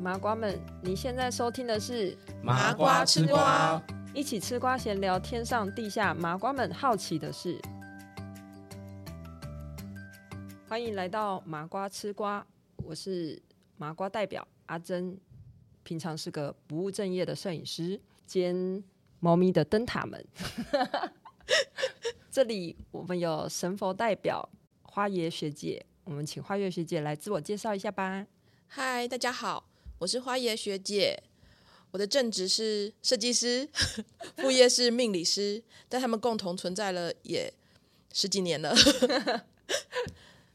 麻瓜們，你現在收聽的是《麻瓜吃瓜》，一起吃瓜閒聊天上地下麻瓜們好奇的事。歡迎來到《麻瓜吃瓜》，我是麻瓜代表阿珍，平常是個不務正業的攝影師兼貓咪的燈塔們。 這裡我們有神佛代表花椰學姐，我們請花椰學姐來自我介紹一下吧。嗨，大家好。我是花椰學姐，我的正職是設計師，副業是命理師，但他們共同存在了也十幾年了。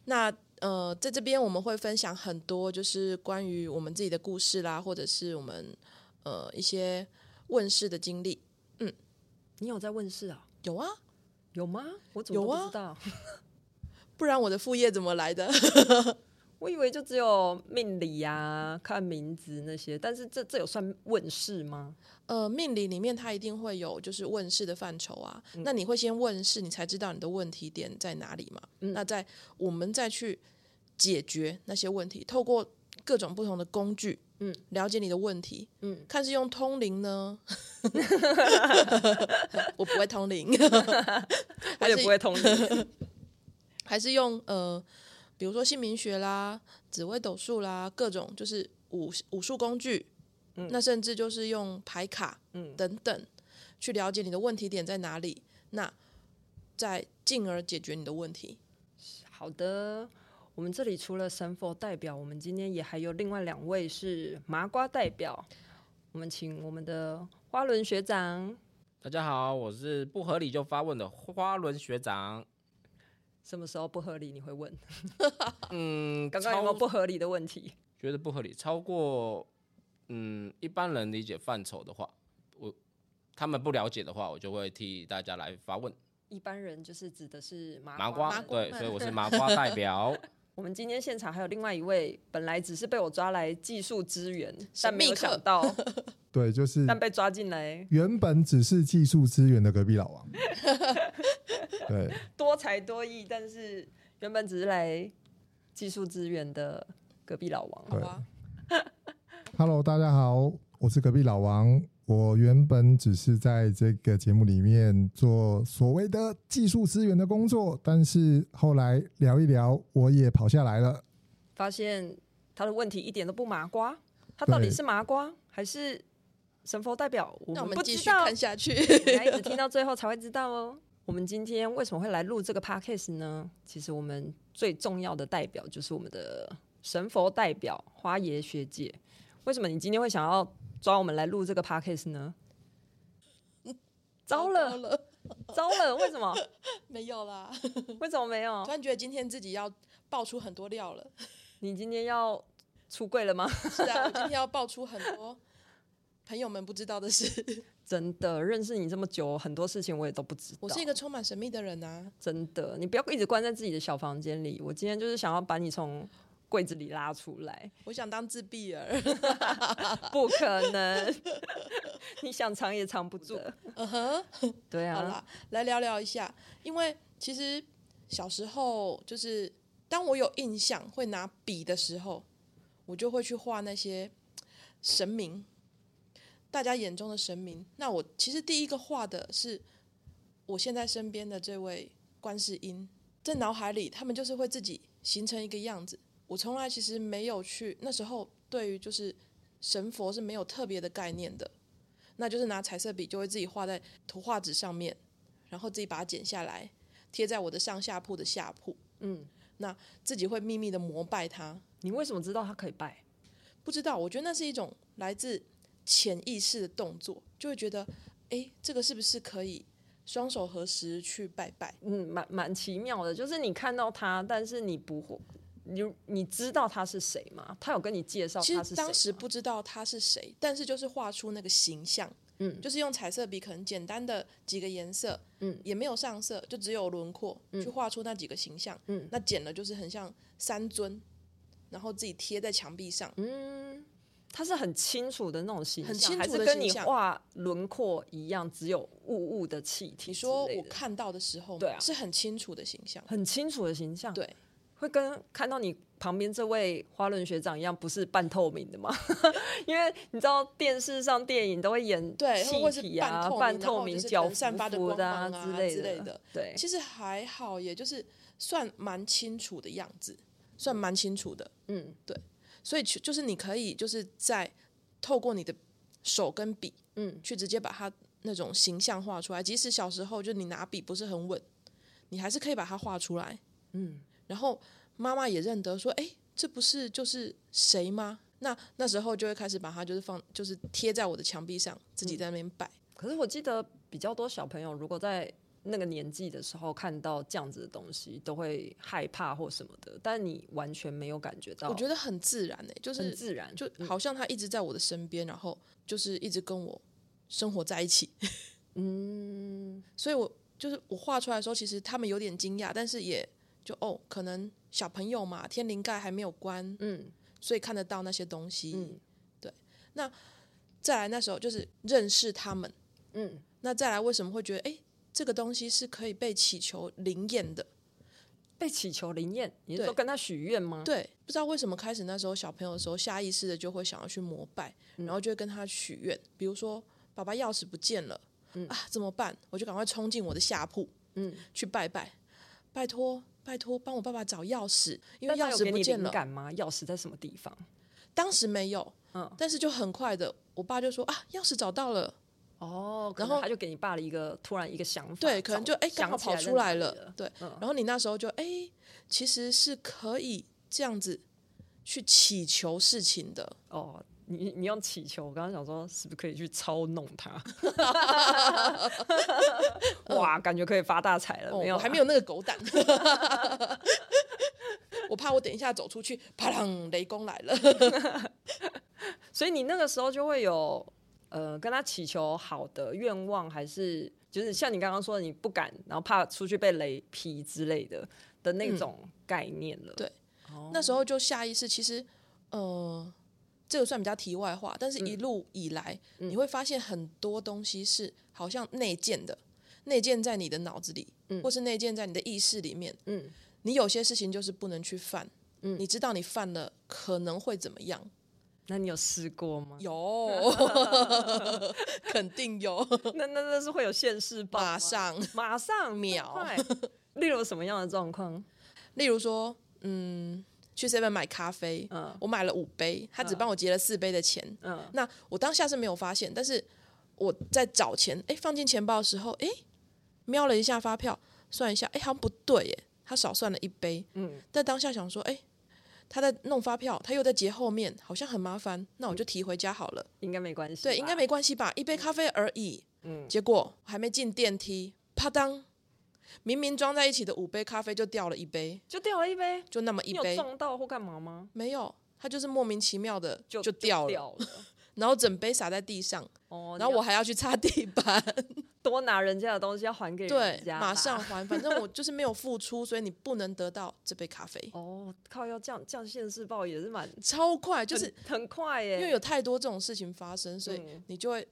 那呃，在這邊我們會分享很多，就是關於我們自己的故事啦，或者是我們呃一些問世的經歷。嗯，你有在問世啊？有啊，有嗎？我怎麼不知道？啊、 不然我的副業怎麼來的？ 我以為就只有命理呀、啊，看名字那些，但是這這有算問事嗎？呃，命理裡面它一定會有就是問事的範疇啊、嗯。那你會先問事，你才知道你的問題點在哪裡嘛？嗯、那在我們再去解決那些問題，透過各種不同的工具，嗯，了解你的問題，嗯，看是用通靈呢？ 我不會通靈，還 是不會通靈，還是， 還是用呃。比如說姓名學啦、紫微斗數啦，各種就是五五術工具，嗯，那甚至就是用牌卡，等等，嗯，去了解你的問題點在哪裡，那再進而解決你的問題。好的，我們這裡除了神佛代表，我們今天也還有另外兩位是麻瓜代表，我們請我們的花輪學長。大家好，我是不合理就發問的花輪學長。什麼時候不合理你會問？嗯，剛剛有沒有不合理的問題？嗯，覺得不合理，超過嗯一般人理解範疇的話，我他們不了解的話，我就會替大家來發問。一般人就是指的是麻瓜麻瓜，對，所以我是麻瓜代表。 我們今天現場還有另外一位，本來只是被我抓來技術支援，但沒有想到，對，就是但被抓進來，原本只是技術支援的隔壁老王， 對，多才多藝，但是原本只是來技術支援的隔壁老王 ，Hello，大家好，我是隔壁老王。我原本只是在這個節目裡面做所謂的技術資源的工作，但是後來聊一聊，我也跑下來了，發現他的問題一點都不麻瓜，他到底是麻瓜還是神佛代表？我們不知道，我們繼續看下去，你來一直聽到最後才會知道哦、喔。 我們今天為什麼會來錄這個 Podcast 呢？其實我們最重要的代表就是我們的神佛代表花椰學姐，為什麼你今天會想要？抓我們來錄這個 podcast 呢？糟糕了，糟了，糟了，為什麼沒有啦？為什麼沒有？突然覺得今天自己要爆出很多料了。你今天要出櫃了嗎？是啊，我今天要爆出很多朋友們不知道的事。 真的，認識你這麼久，很多事情我也都不知道。我是一個充滿神秘的人啊！真的，你不要一直關在自己的小房間裡。我今天就是想要把你從櫃子裡拉出來，我想當自閉兒， 不可能， 你想藏也藏不住。嗯哼，對啊，好啦，來聊聊一下，因為其實小時候就是當我有印象會拿筆的時候，我就會去畫那些神明，大家眼中的神明。那我其實第一個畫的是我現在身邊的這位觀世音，在腦海裡他們就是會自己形成一個樣子。我從來其實沒有去，那時候對於就是神佛是沒有特別的概念的，那就是拿彩色筆就會自己畫在圖畫紙上面，然後自己把它剪下來貼在我的上下鋪的下鋪，嗯，那自己會秘密的膜拜它。你為什麼知道它可以拜？不知道，我覺得那是一種來自潛意識的動作，就會覺得，誒，這個是不是可以雙手合十去拜拜？嗯，蠻蠻奇妙的，就是你看到它，但是你不會。你你知道他是誰嗎？他有跟你介紹他是誰？其實當時不知道他是誰，但是就是畫出那個形象，嗯，就是用彩色筆，可能簡單的幾個顏色，嗯，也沒有上色，就只有輪廓，嗯，去畫出那幾個形象，嗯，那剪了就是很像三尊，然後自己貼在牆壁上，嗯，它是很清楚的那種形象，很清楚的形象，還是跟你畫輪廓一樣，只有霧霧的氣體的？你說我看到的時候，對啊，是很清楚的形象，很清楚的形象，對。會跟看到你旁邊這位花輪學長一樣，不是半透明的嗎？ 因為你知道電視上、電影都會演、啊、對，或是半半透明角散發的光啊，滑滑的啊之類的，之類的。對，其實還好，也就是算蠻清楚的樣子，算蠻清楚的。嗯，對。所以，就是你可以就是在透過你的手跟筆，嗯，去直接把它那種形象畫出來。即使小時候就你拿筆不是很穩，你還是可以把它畫出來。嗯。然後媽媽也認得，說：“哎、欸，這不是就是誰嗎？”那那時候就會開始把它就是放，就是貼在我的牆壁上，嗯，自己在那邊擺。可是我記得比較多小朋友，如果在那個年紀的時候看到這樣子的東西，都會害怕或什麼的。但你完全沒有感覺到，我覺得很自然呢，欸，就是很自然，嗯，就好像他一直在我的身邊，然後就是一直跟我生活在一起。 嗯，所以我就是我畫出來的時候，其實他們有點驚訝，但是也。就哦，可能小朋友嘛，天靈蓋還沒有關，嗯，所以看得到那些東西、嗯，對。那再來那時候就是認識他們，嗯。那再來為什麼會覺得哎、欸，這個東西是可以被祈求靈驗的？被祈求靈驗，你是說跟他許願嗎？對，對，不知道為什麼開始那時候小朋友的時候，下意識的就會想要去膜拜，嗯、然後就會跟他許願，比如說爸爸鑰匙不見了，嗯、啊怎麼辦？我就趕快衝進我的下鋪，嗯，去拜拜，拜託。拜託，幫我爸爸找鑰匙，因為鑰匙不見了。靈感嗎？鑰匙在什麼地方？當時沒有，嗯，但是就很快的，我爸就說啊，鑰匙找到了。哦，然後他就給你爸了一個突然一個想法，對，可能就哎，剛好跑出來了，對、嗯。然後你那時候就哎，其實是可以這樣子去祈求事情的。哦。你你用祈求，我剛剛想說，是不是可以去操弄他？ 哇、嗯，感覺可以發大財了。哦，沒有？還沒有那個狗膽， 我怕我等一下走出去，啪！雷公來了。 所以你那個時候就會有呃，跟他祈求好的願望，還是就是像你剛剛說的，你不敢，然後怕出去被雷劈之類的的那種概念了。嗯、對，oh. 那時候就下意識，其實呃。這個算比較題外話，但是一路以來，嗯、你會發現很多東西是好像內建的，內、嗯、建在你的腦子裡，嗯、或是內建在你的意識裡面。嗯，你有些事情就是不能去犯。嗯、你知道你犯了，可能、嗯、你你犯了可能會怎麼樣？那你有試過嗎？有， 肯定有。 那那那是會有現世報嗎？馬上，馬上秒。例 如什麼樣的狀況？例如說，嗯。去 seven 買咖啡，嗯、我買了五杯，他只幫我結了四杯的錢，嗯。那我當下是沒有發現，但是我在找錢，哎、欸，放進錢包的時候，哎、欸，瞄了一下發票，算一下，哎、欸，好像不對耶，哎，他少算了一杯。嗯，但當下想說，哎、欸，他在弄發票，他又在結後面，好像很麻煩，那我就提回家好了，應該沒關係。對，應該沒關係吧，一杯咖啡而已。嗯，結果還沒進電梯，啪當。明明裝在一起的五杯咖啡就掉了一杯，就掉了一杯，就那麼一杯，撞到或幹嘛嗎？沒有，它就是莫名其妙的就掉了，就掉了，然後整杯灑在地上，哦。然後我還要去擦地板，多拿人家的東西要還給人家對，馬上還。反正我就是沒有付出， 所以你不能得到這杯咖啡。哦，靠，要這樣這樣現世報也是蠻超快，就是很，很快耶。因為有太多這種事情發生，所以你就會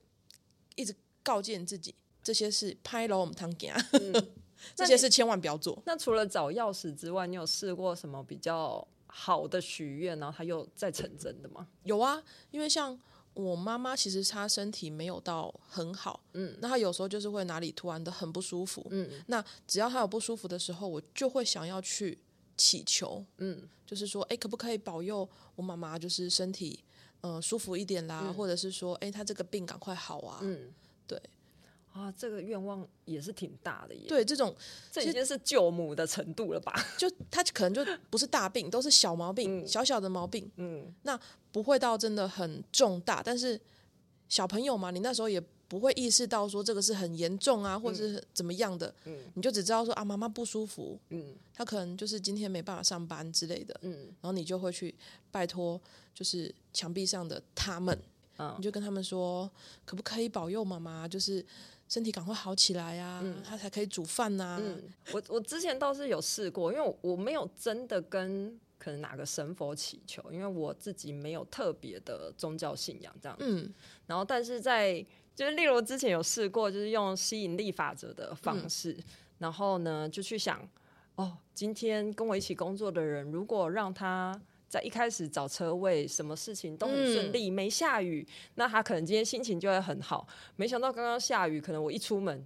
一直告誡你自己，這些事拍老我們湯鏡。嗯這些事千萬不要做那。那除了找鑰匙之外，你有試過什麼比較好的許願，然後他又再成真的嗎？有啊，因為像我媽媽，其實她身體沒有到很好，嗯，那她有時候就是會哪裡突然的很不舒服，嗯，那只要她有不舒服的時候，我就會想要去祈求，嗯，就是說，哎，可不可以保佑我媽媽，就是身體呃舒服一點啦，嗯、或者是說，哎，她這個病趕快好啊，嗯，對。啊，這個願望也是挺大的耶，也對，這種這已經是救母的程度了吧？就他可能就不是大病，都是小毛病，嗯，小小的毛病，嗯，那不會到真的很重大。但是小朋友嘛，你那時候也不會意識到說這個是很嚴重啊，嗯、或者是怎麼樣的，嗯，你就只知道說啊，媽媽不舒服，嗯，他可能就是今天沒辦法上班之類的，嗯，然後你就會去拜託，就是牆壁上的他們，嗯，你就跟他們說，可不可以保佑媽媽？就是。身體趕快好起來呀、啊嗯！他才可以煮飯吶、啊嗯。我我之前倒是有試過，因為我，我沒有真的跟可能哪個神佛祈求，因為我自己沒有特別的宗教信仰這樣子、嗯。然後但是在就是例如之前有試過，就是用吸引力法則的方式，嗯、然後呢就去想，哦，今天跟我一起工作的人，如果讓他。在一開始找車位，什麼事情都很順利、嗯，沒下雨，那他可能今天心情就會很好。沒想到剛剛下雨，可能我一出門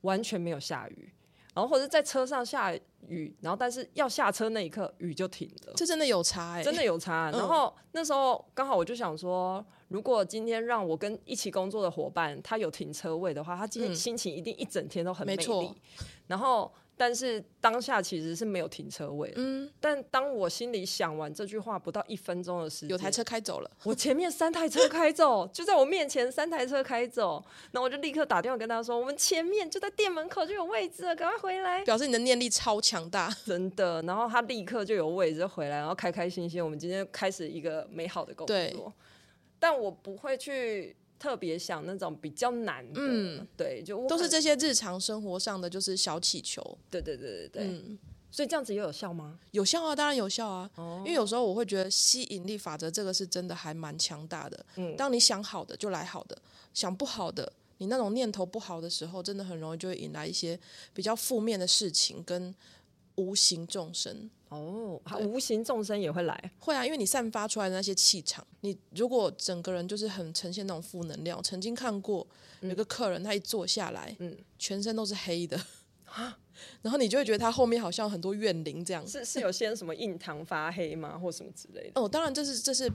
完全沒有下雨，然後或者在車上下雨，然後但是要下車那一刻雨就停了，這真的有差誒、欸，真的有差。然後那時候剛好我就想說、嗯，如果今天讓我跟一起工作的夥伴他有停車位的話，他今天心情一定一整天都很美麗、嗯、沒錯。然後。但是當下其實是沒有停車位。嗯，但當我心裡想完這句話不到一分鐘的時間，有台車開走了，我前面三台車開走， 就在我面前三台車開走，那我就立刻打電話跟他說：“我們前面就在店門口就有位置了，趕快回來。”表示你的念力超強大，真的。然後他立刻就有位置回來，然後開開心心，我們今天開始一個美好的工作。對，但我不會去。特別想那種比較難的，嗯，對，就都是這些日常生活上的，就是小祈求。對對對對對，嗯，所以這樣子也有效嗎？有效啊，當然有效啊。哦，因為有時候我會覺得吸引力法則這個是真的還蠻強大的，嗯。當你想好的就來好的，想不好的，你那種念頭不好的時候，真的很容易就會引來一些比較負面的事情跟無形眾生。哦、oh，無形眾生也會來，會啊，因為你散發出來的那些氣場，你如果整個人就是很呈現那種負能量。曾經看過、嗯，有個客人，他一坐下來，嗯，全身都是黑的啊，然後你就會覺得他後面好像很多怨靈這樣。是是有些什麼印堂發黑嗎？ 或什麼之類的？哦，當然這是這是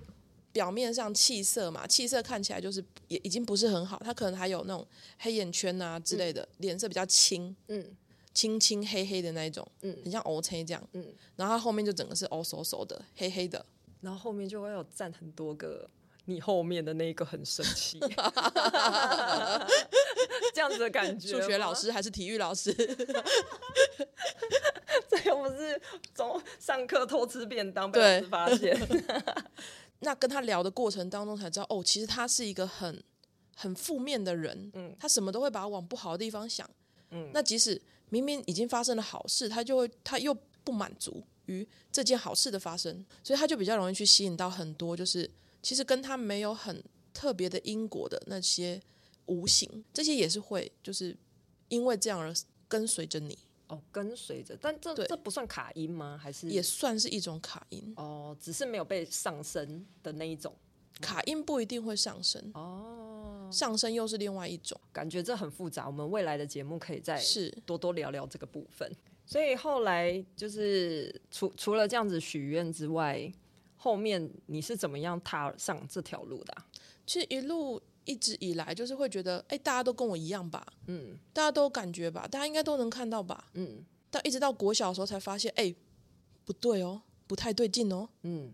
表面上氣色嘛，氣色看起來就是也已經不是很好，他可能還有那種黑眼圈啊之類的，臉、嗯、色比較青，嗯。青青黑黑的那一種，嗯，很像 O C 這樣，嗯，然後他後面就整個是 O 瘦瘦的黑黑的，然後後面就會有站很多個，你後面的那一個很神奇， 這樣子的感覺。數學老師還是體育老師？ 這又不是從上課偷吃便當被老師發現。 那跟他聊的過程當中才知道，哦，其實他是一個很很負面的人，嗯，他什麼都會把他往不好的地方想，嗯，那即使，明明已經發生了好事，他就會，他又不滿足於這件好事的發生，所以他就比較容易去吸引到很多，就是其實跟他沒有很特別的因果的那些無形，這些也是會，就是因為這樣而跟隨着你。哦，跟隨着但這這不算卡陰嗎？還是也算是一種卡陰？哦，只是沒有被上身的那一種。卡音不一定會上升哦，上升又是另外一種感覺，這很複雜。我們未來的節目可以再是多多聊聊這個部分。所以後來就是除除了這樣子許願之外，後面你是怎麼樣踏上這條路的啊？其實一路一直以來就是會覺得，哎，大家都跟我一樣吧，嗯，大家都感覺吧，大家應該都能看到吧，嗯。但一直到國小的時候才發現，哎，不對哦，不太對勁哦，嗯。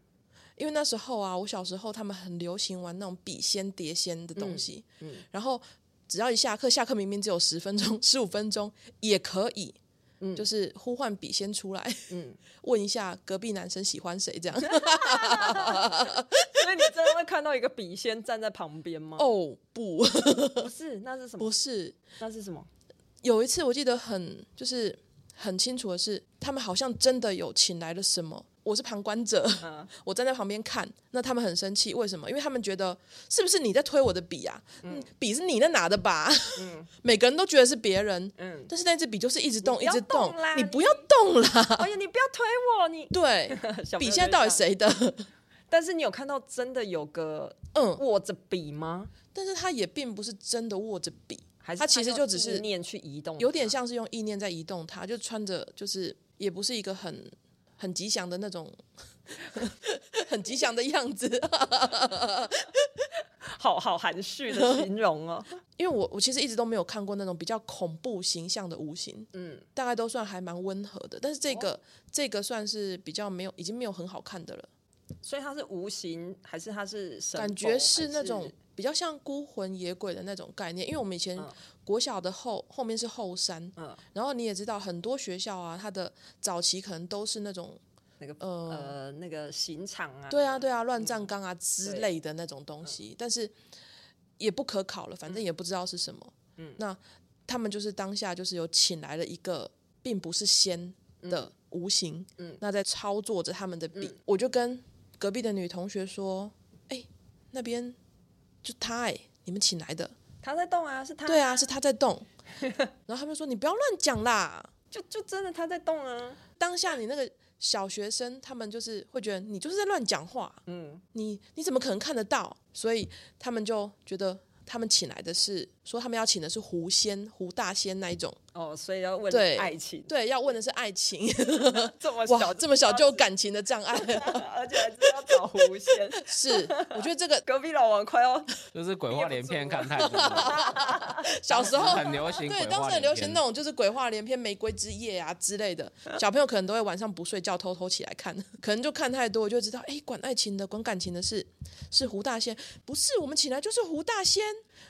因為那時候啊，我小時候他們很流行玩那種筆仙、碟仙的東西，嗯嗯，然後只要一下課，下課明明只有十分鐘、十五分鐘也可以，嗯，就是呼喚筆仙出來，嗯，問一下隔壁男生喜歡誰這樣。 所以你真的會看到一個筆仙站在旁邊嗎？哦，oh，不， 不是，那是什麼？不是，那是什麼？有一次我記得很就是很清楚的是，他們好像真的有請來了什麼。我是旁觀者，嗯，我站在旁邊看，那他們很生氣，為什麼？因為他們覺得是不是你在推我的筆啊？嗯，筆是你在拿的吧？嗯，每個人都覺得是別人，嗯，但是那支筆就是一直動，動，一直動，你不要動啦！動啦，哎呀，你不要推我！你對，筆現在到底誰的？但是你有看到真的有個握嗯握着筆嗎？但是他也並不是真的握着筆，還是他其實就只是念去移動，有點像是用意念在移動他。他就穿着，就是也不是一個很。很吉祥的那種， 很吉祥的樣子，哈哈哈，好好含蓄的形容哦。 因為我我其實一直都沒有看過那種比較恐怖形象的無形，嗯，大概都算還蠻溫和的，但是這個、哦、這個算是比較沒有，已經沒有很好看的了。所以它是無形，還是它是神，感覺是那種是比較像孤魂野鬼的那種概念？因為我們以前國小的後、嗯、後面是後山，嗯，然後你也知道很多學校啊，它的早期可能都是那種那個呃、呃那個刑場啊，對啊對啊，亂葬崗啊、嗯、之類的那種東西、嗯，但是也不可考了，反正也不知道是什麼。嗯，那他們就是當下就是有請來了一個並不是仙的無形，嗯，嗯那在操作着他們的筆、嗯，我就跟。隔壁的女同學說：“哎、欸，那邊就他哎、欸，你們請來的，他在動啊，是他啊。對啊，是他在動。 然後他們說你不要亂講啦，就就真的他在動啊。當下你那個小學生，他們就是會覺得你就是在亂講話，嗯，你你怎麼可能看得到？所以他們就覺得他們請來的是。”說他們要請的是狐仙、狐大仙那一種哦，所以要問愛情，對，對要問的是愛情。這麼小，這麼小就有感情的障礙，而且還是要找狐仙。是，我覺得這個隔壁老王快要就是鬼話連篇，看太多了。 小時候很流行， 對，當時很流行那種就是鬼話連篇，《玫瑰之夜》啊之類的，小朋友可能都會晚上不睡覺，偷偷起來看，可能就看太多，就知道，哎、欸，管愛情的，管感情的事是狐大仙，不是我們請來就是狐大仙。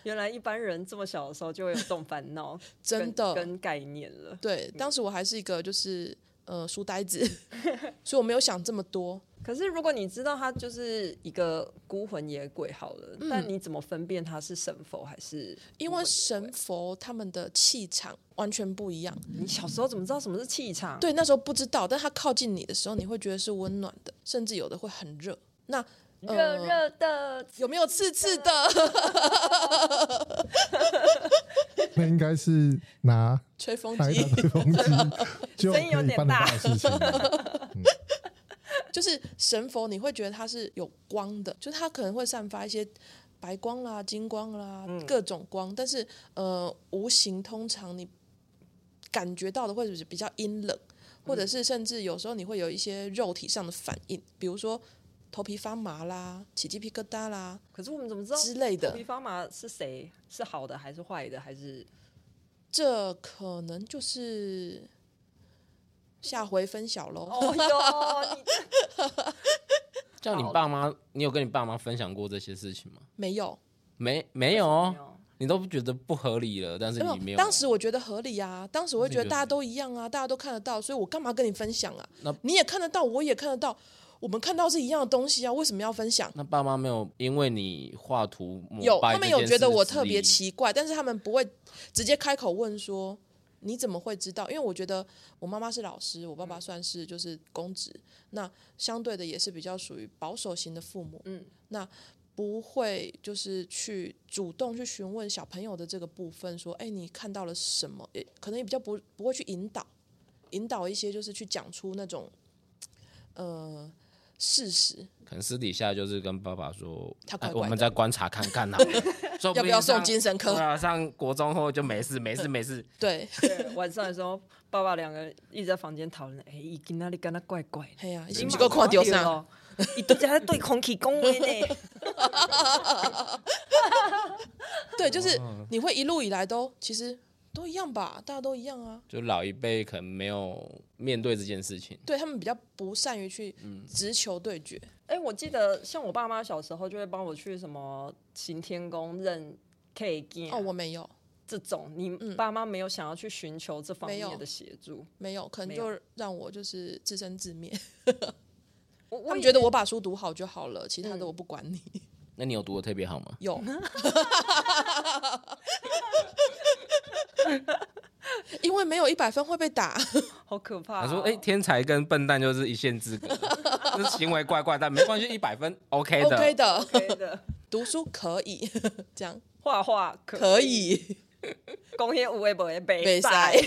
原來一般人這麼小的時候就會有這種煩惱， 真的跟概念了。對、嗯，當時我還是一個就是呃書呆子， 所以我沒有想這麼多。可是如果你知道他就是一個孤魂野鬼好了，那、嗯、你怎麼分辨他是神佛還是？因為神佛他們的氣場完全不一樣。你小時候怎麼知道什麼是氣場？ 對，那時候不知道，但他靠近你的時候，你會覺得是溫暖的，甚至有的會很熱。那熱熱的、呃、有沒有刺刺的？嗯、 那應該是拿吹風機，吹風機 聲音有點大、嗯。就是神佛，你會覺得它是有光的，就是它可能會散發一些白光啦、金光啦、嗯、各種光。但是呃，無形通常你感覺到的會是比較陰冷，或者是甚至有時候你會有一些肉體上的反應，比如說。頭皮發麻啦，起雞皮疙瘩啦，可是我們怎麼知道之類的？頭皮發麻是誰？是好的還是壞的？還是這可能就是下回分享嘍。哦呦，這 你， 你爸媽，你有跟你爸媽分享過這些事情嗎？沒有，沒沒有、哦、沒有，你都覺得不合理了，但是你沒有。當時我覺得合理啊，當時我覺得大家都一樣啊，大家都看得到，所以我幹嘛跟你分享啊？那你也看得到，我也看得到。我們看到是一樣的東西啊，為什麼要分享？那爸媽沒有因為你畫圖摸摸有他們有覺得我特別奇怪，但是他們不會直接開口問說你怎麼會知道？因為我覺得我媽媽是老師，我爸爸算是就是公職，那相對的也是比較屬於保守型的父母，嗯，那不會就是去主動去詢問小朋友的這個部分，說哎，你看到了什麼？也可能也比較不不會去引導，引導一些就是去講出那種，呃。事實可能私底下就是跟爸爸說，他乖乖呃、我們再觀察看看呢， 不定 要不要送精神科？上國中後就沒事，沒事，沒事 對 對。對，晚上的時候，爸爸兩個人一直在房間討論，哎、欸，你根那裡跟那怪怪的，哎呀、啊，伊個褲丟上，你 都在對空氣講話呢。 對，就是你會一路以來都其實。都一樣吧，大家都一樣啊。就老一輩可能沒有面對這件事情，對他們比較不善於去直球對決。哎、嗯欸，我記得像我爸媽小時候就會幫我去什麼行天宮認 K G。哦，我沒有這種。你爸媽沒有想要去尋求這方面的協助、嗯沒？沒有，可能就讓我就是自生自滅。 他們覺得我把書讀好就好了，其他的我不管你。嗯、那你有讀得特別好嗎？有。 因為沒有一百分會被打，好可怕、喔。他說：“哎、欸，天才跟笨蛋就是一線之隔， 這行為怪怪的，但沒關係，一百分 OK 的，OK 的，OK 的。 讀書可以 這樣，畫畫可以，工業無也不會被曬。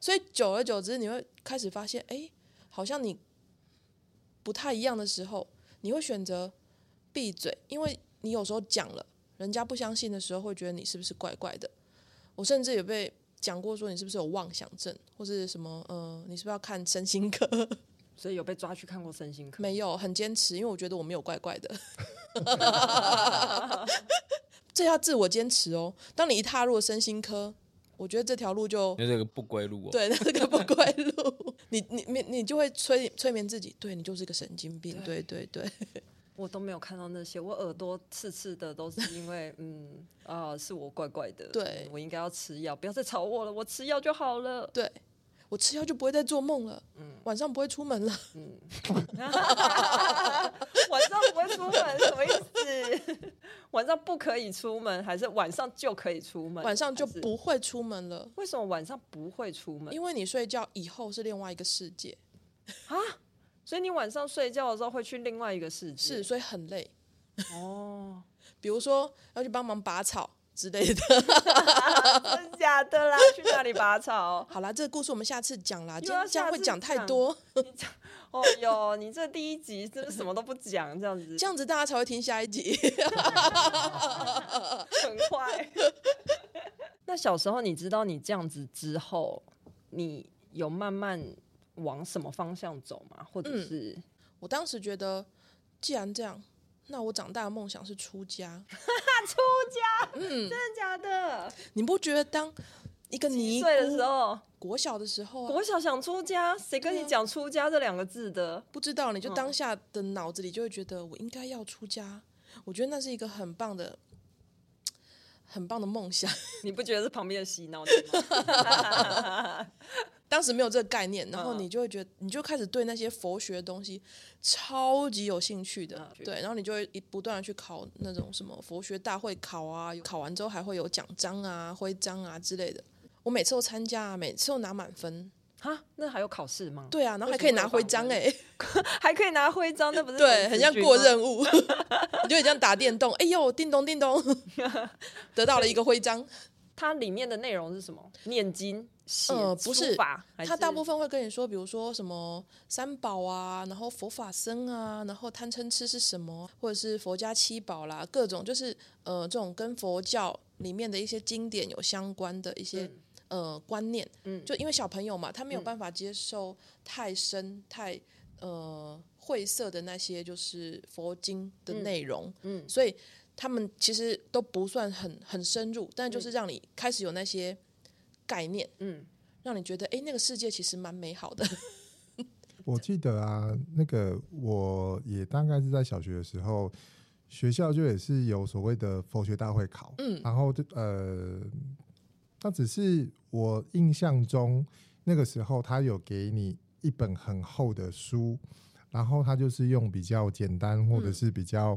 所以久而久之，你會開始發現，哎、欸，好像你不太一樣的時候，你會選擇閉嘴，因為你有時候講了，人家不相信的時候，會覺得你是不是怪怪的。”我甚至有被講過說你是不是有妄想症，或是什麼？呃，你是不是要看身心科？所以有被抓去看過身心科？ 沒有，很堅持，因為我覺得我沒有怪怪的。這 要自我堅持喔。當你一踏入了身心科，我覺得這條路就那是個不歸路喔。 對，那是個不歸路。 你你你你就會催催眠自己，對你就是個神經病。對。對對對。我都沒有看到那些，我耳朵刺刺的，都是因為，嗯啊，是我怪怪的。對，嗯、我應該要吃藥，不要再吵我了，我吃藥就好了。對，我吃藥就不會再做夢了。嗯，晚上不會出門了。嗯， 晚上不會出門什麼意思？晚上不可以出門，還是晚上就可以出門？晚上就不會出門了。為什麼晚上不會出門？因為你睡覺以後是另外一個世界。啊？所以你晚上睡覺的時候會去另外一個世界。是，所以很累，哦、oh.，比如說要去幫忙拔草之類的，真 的、啊、假的啦？ 去那裡拔草？好啦。這個故事我們下次講啦，下次講，這樣會講太多。哦喲你這第一集真的什麼都不講，這樣子， 這樣子大家才會聽下一集， 很快壞笑。那小時候你知道你這樣子之後，你有慢慢。往什麼方向走嘛？或者是、嗯、我當時覺得，既然這樣，那我長大的夢想是出家， 出家，嗯，真的假的？你不覺得當一個你一歲的時候，國小的時候、啊，國小想出家，誰跟你講出家這兩個字的？啊、不知道，你就當下的腦子裡就會覺得我應該要出家、嗯。我覺得那是一個很棒的、很棒的夢想。你不覺得是旁邊的洗腦嗎？ 當時沒有這個概念，然後你就會覺得你就開始對那些佛學的東西超級有興趣的，嗯、對，然後你就會不斷的去考那種什麼佛學大會考啊，考完之後還會有獎章啊、徽章啊之類的。我每次都參加，每次都拿滿分。哈，那還有考試嗎？對啊，然後還可以拿徽章哎、欸，還可以拿徽章，對不對？對，很像過任務， 你就這樣打電動，哎呦，叮咚叮咚，得到了一個徽章。它裡面的內容是什麼？念經。呃、嗯，不是，是，他大部分會跟你說，比如說什麼三寶啊，然後佛法僧啊，然後貪嗔痴是什麼，或者是佛家七寶啦，各種就是呃，這種跟佛教裡面的一些經典有相關的一些、嗯、呃觀念，嗯，就因為小朋友嘛，他沒有辦法接受太深、嗯、太呃晦澀的那些就是佛經的內容，嗯，嗯，所以他們其實都不算很很深入，但就是讓你開始有那些。概念，嗯，讓你覺得，哎，那個世界其實蠻美好的。我記得啊，那個我也大概是在小學的時候，學校就也是有所謂的佛學大會考，嗯，然後就呃，他只是我印象中那個時候，他有給你一本很厚的書，然後他就是用比較簡單或者是比較，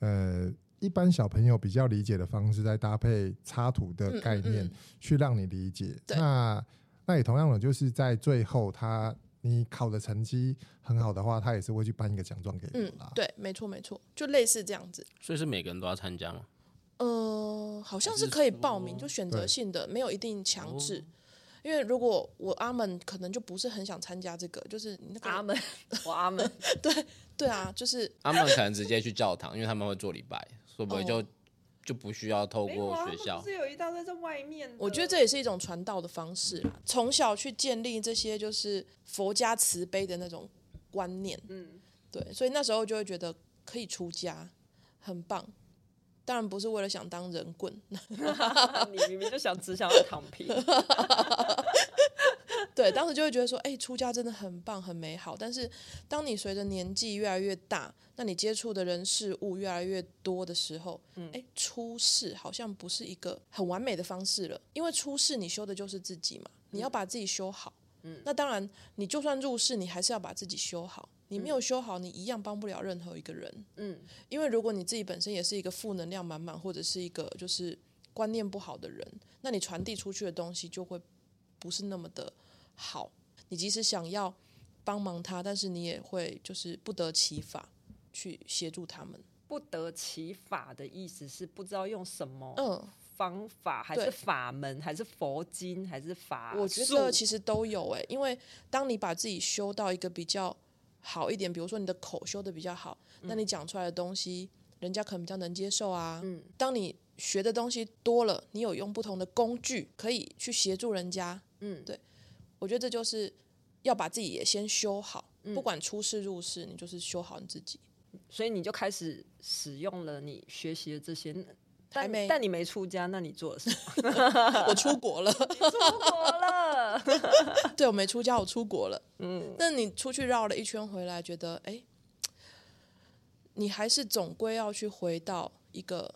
嗯、呃。一般小朋友比較理解的方式，在搭配插圖的概念去讓你理解。嗯嗯嗯，那那也同樣的，就是在最後他你考的成績很好的話，他也是會去頒一個獎狀給你啦、嗯。對，沒錯沒錯，就類似這樣子。所以是每個人都要參加嗎？嗯、呃，好像是可以報名，就選擇性的，沒有一定強制、哦。因為如果我阿門可能就不是很想參加這個，就是你、那個、阿門，我阿門， 對對啊，就是阿門可能直接去教堂， 因為他們會做禮拜。所以、oh. 就就不需要透過學校，有啊、是有一道在這外面。我覺得這也是一種傳道的方式，從小去建立這些就是佛家慈悲的那種觀念。嗯，對，所以那時候就會覺得可以出家，很棒。當然不是為了想當人棍， 你明明就想 只想要躺平。 對，當時就會覺得說，哎、欸，出家真的很棒，很美好。但是，當你隨着年紀越來越大，那你接觸的人事物越來越多的時候，嗯，哎、欸，出世好像不是一個很完美的方式了。因為出世，你修的就是自己嘛，你要把自己修好。嗯，那當然，你就算入世，你還是要把自己修好。你沒有修好，你一樣幫不了任何一個人。嗯，因為如果你自己本身也是一個負能量滿滿，或者是一個就是觀念不好的人，那你傳遞出去的東西就會不是那麼的。好，你即使想要幫忙他，但是你也會就是不得其法去協助他們。不得其法的意思是不知道用什麼方法，嗯、還是法門，還是佛經，還是法？我覺得其實都有哎。因為當你把自己修到一個比較好一點，比如說你的口修得比較好，那你講出來的東西，人家可能比較能接受啊。嗯，當你學的東西多了，你有用不同的工具可以去協助人家。嗯，對。我覺得這就是要把自己也先修好，不管出世入世，你就是修好你自己、嗯，所以你就開始使用了你學習的這些。但沒但你沒出家，那你做了什麼？ 我出國了，出國了。 對，我沒出家，我出國了。嗯，那你出去繞了一圈回來，覺得哎、欸，你還是總歸要去回到一個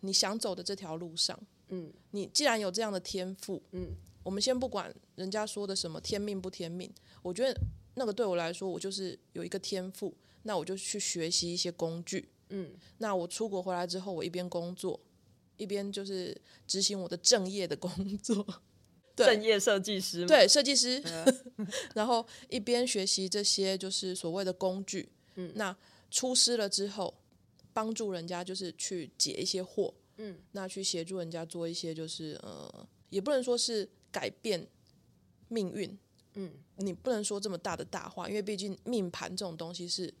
你想走的這條路上。嗯，你既然有這樣的天賦，嗯。我們先不管人家說的什麼天命不天命，我覺得那個對我來說，我就是有一個天賦，那我就去學習一些工具，嗯，那我出國回來之後，我一邊工作，一邊就是執行我的正業的工作，正業設計師嗎？對，設計師，嗯、 然後一邊學習這些就是所謂的工具，嗯，那出師了之後，幫助人家就是去解一些惑，嗯，那去協助人家做一些就是呃，也不能說是。改變命運，嗯，你不能說這麼大的大話，因為畢竟命盤這種東西是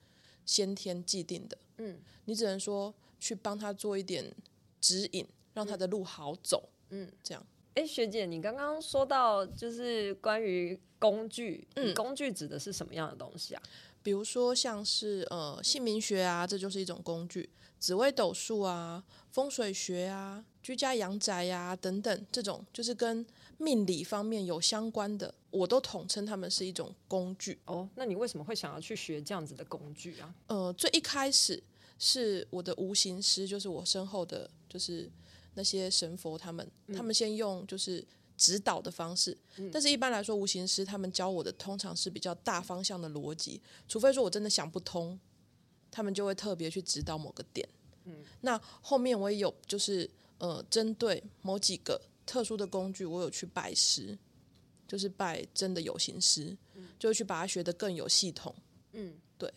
先天既定的，嗯，你只能說去幫他做一點指引，讓他的路好走，嗯，這樣。哎、欸，學姐，你剛剛說到就是關於工具，嗯，工具指的是什麼樣的東西啊？嗯、比如說像是呃姓名學啊、嗯，這就是一種工具；紫微斗數啊，風水學啊，居家陽宅呀、啊、等等，這種就是跟命理方面有相關的，我都統稱他們是一種工具哦。那你為什麼會想要去學這樣子的工具啊？呃，最一開始是我的無形師，就是我身後的，就是那些神佛他們，嗯，他們先用就是指導的方式，嗯。但是一般來說，無形師他們教我的通常是比較大方向的邏輯，除非說我真的想不通，他們就會特別去指導某個點。嗯，那後面我也有就是呃，針對某幾個。特殊的工具，我有去拜師，就是拜真的有形師，嗯，就去把它學得更有系統。嗯，對。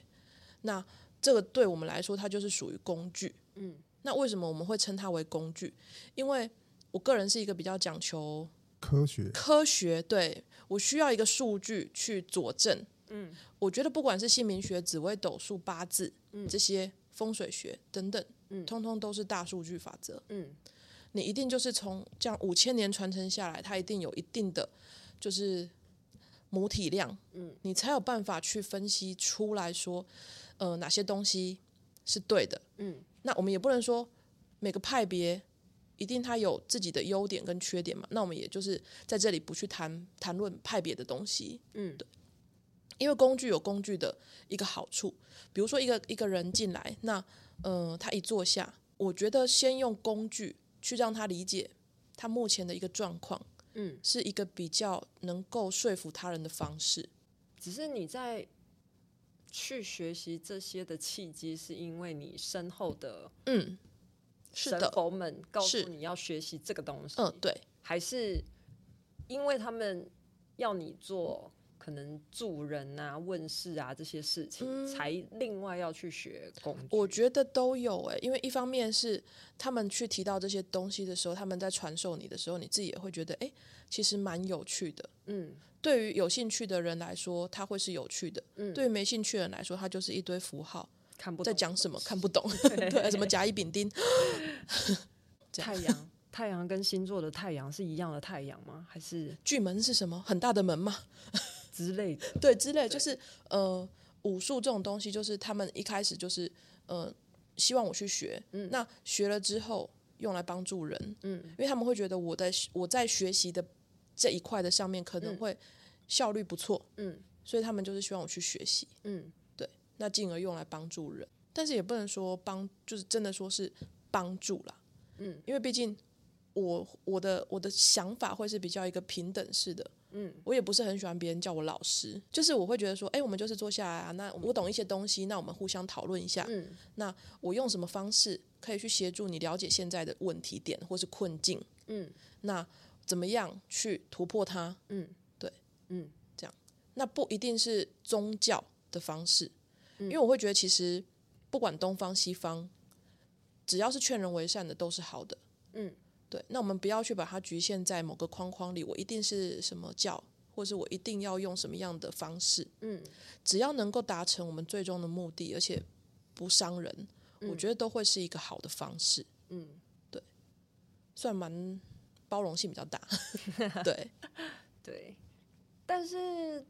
那這個對我們來說，它就是屬於工具。嗯，那為什麼我們會稱它為工具？因為我個人是一個比較講求科學，科學。對，我需要一個數據去佐證。嗯，我覺得不管是姓名學、紫微斗數、八字，嗯，這些風水學等等，嗯，通通都是大數據法則。嗯。嗯你一定就是從這樣五千年傳承下來，它一定有一定的就是母體量，嗯，你才有辦法去分析出來說，呃，哪些東西是對的，嗯。那我們也不能說每個派別一定它有自己的優點跟缺點嘛。那我們也就是在這裡不去談談論派別的東西，嗯。因為工具有工具的一個好處，比如說一個一個人進來，那呃，他一坐下，我覺得先用工具。去讓他理解他目前的一個狀況，嗯，是一個比較能夠說服他人的方式。只是你在去學習這些的契機，是因為你身後的嗯神佛們告訴你要學習這個東西，嗯，嗯對，還是因為他們要你做，可能助人啊、問事啊這些事情，嗯，才另外要去學工具。我覺得都有哎，欸，因為一方面是他們去提到這些東西的時候，他們在傳授你的時候，你自己也會覺得，欸，其實蠻有趣的。嗯，對於有興趣的人來說，他會是有趣的；嗯，對於沒興趣的人來說，他就是一堆符號，看不懂，在講什麼，看不懂。對， 對，什麼甲乙丙丁？ 太陽，太陽跟星座的太陽是一樣的太陽嗎？還是巨門是什麼？很大的門嗎？之類的，對，之類就是呃，武術這種東西，就是他們一開始就是呃，希望我去學，嗯，那學了之後用來幫助人，嗯，因為他們會覺得我在我在學習的這一塊的上面可能會效率不錯，嗯，所以他們就是希望我去學習，嗯，對，那進而用來幫助人，但是也不能說幫，就是真的說是幫助啦，嗯，因為畢竟我我的我的想法會是比較一個平等式的。嗯，我也不是很喜歡別人叫我老師，就是我會覺得說，哎，我們就是坐下來啊，那我懂一些東西，那我們互相討論一下。嗯，那我用什麼方式可以去協助你了解現在的問題點或是困境？嗯，那怎麼樣去突破它？嗯，對，嗯，這樣，那不一定是宗教的方式，嗯，因為我會覺得其實不管東方西方，只要是勸人為善的都是好的。嗯。對，那我們不要去把它局限在某個框框裡。我一定是什麼教，或者我一定要用什麼樣的方式，嗯，只要能夠達成我們最終的目的，而且不傷人，嗯、我覺得都會是一個好的方式。嗯，對，算蠻包容性比較大。嗯、 對 對，但是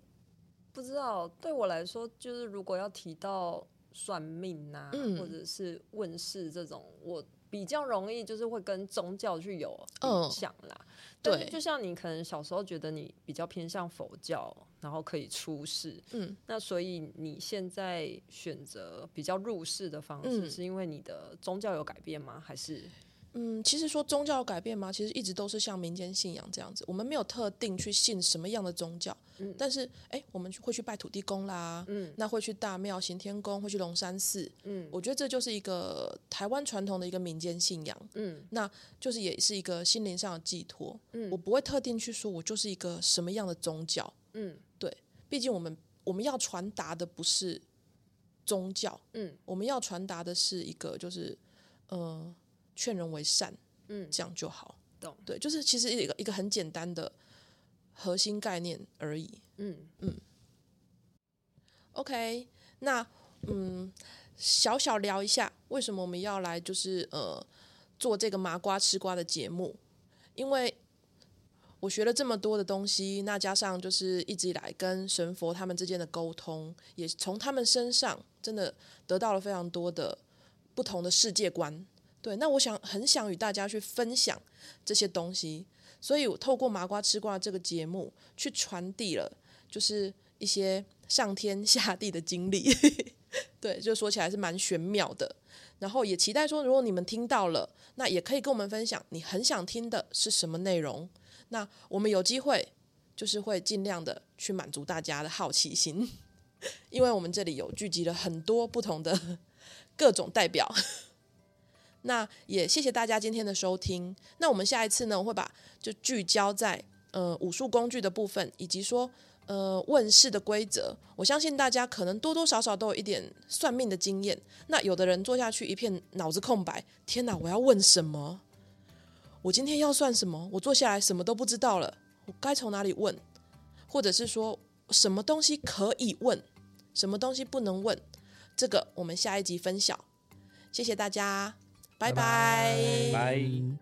不知道對我來說，就是如果要提到算命啊，嗯、或者是問事這種，我。比較容易就是會跟宗教去有影響啦，哦，對，但是就像你可能小時候覺得你比較偏向佛教，然後可以出世，嗯，那所以你現在選擇比較入世的方式，是因為你的宗教有改變嗎？嗯，還是？嗯，其實說宗教改變嗎？其實一直都是像民間信仰這樣子，我們沒有特定去信什麼樣的宗教。嗯，但是哎，欸，我們會去拜土地公啦，嗯，那會去大廟、行天宮，會去龍山寺。嗯，我覺得這就是一個台灣傳統的一個民間信仰。嗯，那就是也是一個心靈上的寄託。嗯，我不會特定去說我就是一個什麼樣的宗教。嗯，對，畢竟我們我們要傳達的不是宗教。嗯，我們要傳達的是一個就是呃。勸人為善，嗯，這樣就好。懂。對，就是其實一個一個很簡單的核心概念而已。嗯嗯，OK，那嗯，小小聊一下為什麼我們要來，就是呃，做這個麻瓜吃瓜的節目，因為我學了這麼多的東西，那加上就是一直以來跟神佛他們之間的溝通，也從他們身上真的得到了非常多的不同的世界觀。對，那我想很想與大家去分享這些東西，所以我透過麻瓜吃瓜這個節目去傳遞了，就是一些上天下地的經歷。對，就說起來是蠻玄妙的。然後也期待說，如果你們聽到了，那也可以跟我們分享你很想聽的是什麼內容。那我們有機會就是會儘量的去滿足大家的好奇心，因為我們這裡有聚集了很多不同的各種代表。那也謝謝大家今天的收聽。那我們下一次呢，我會把就聚焦在呃巫術工具的部分，以及說呃問事的規則。我相信大家可能多多少少都有一點算命的經驗。那有的人坐下去一片腦子空白，天哪！我要問什麼？我今天要算什麼？我坐下來什麼都不知道了，我該從哪裡問？或者是說什麼東西可以問，什麼東西不能問？這個我們下一集分享，謝謝大家。拜拜。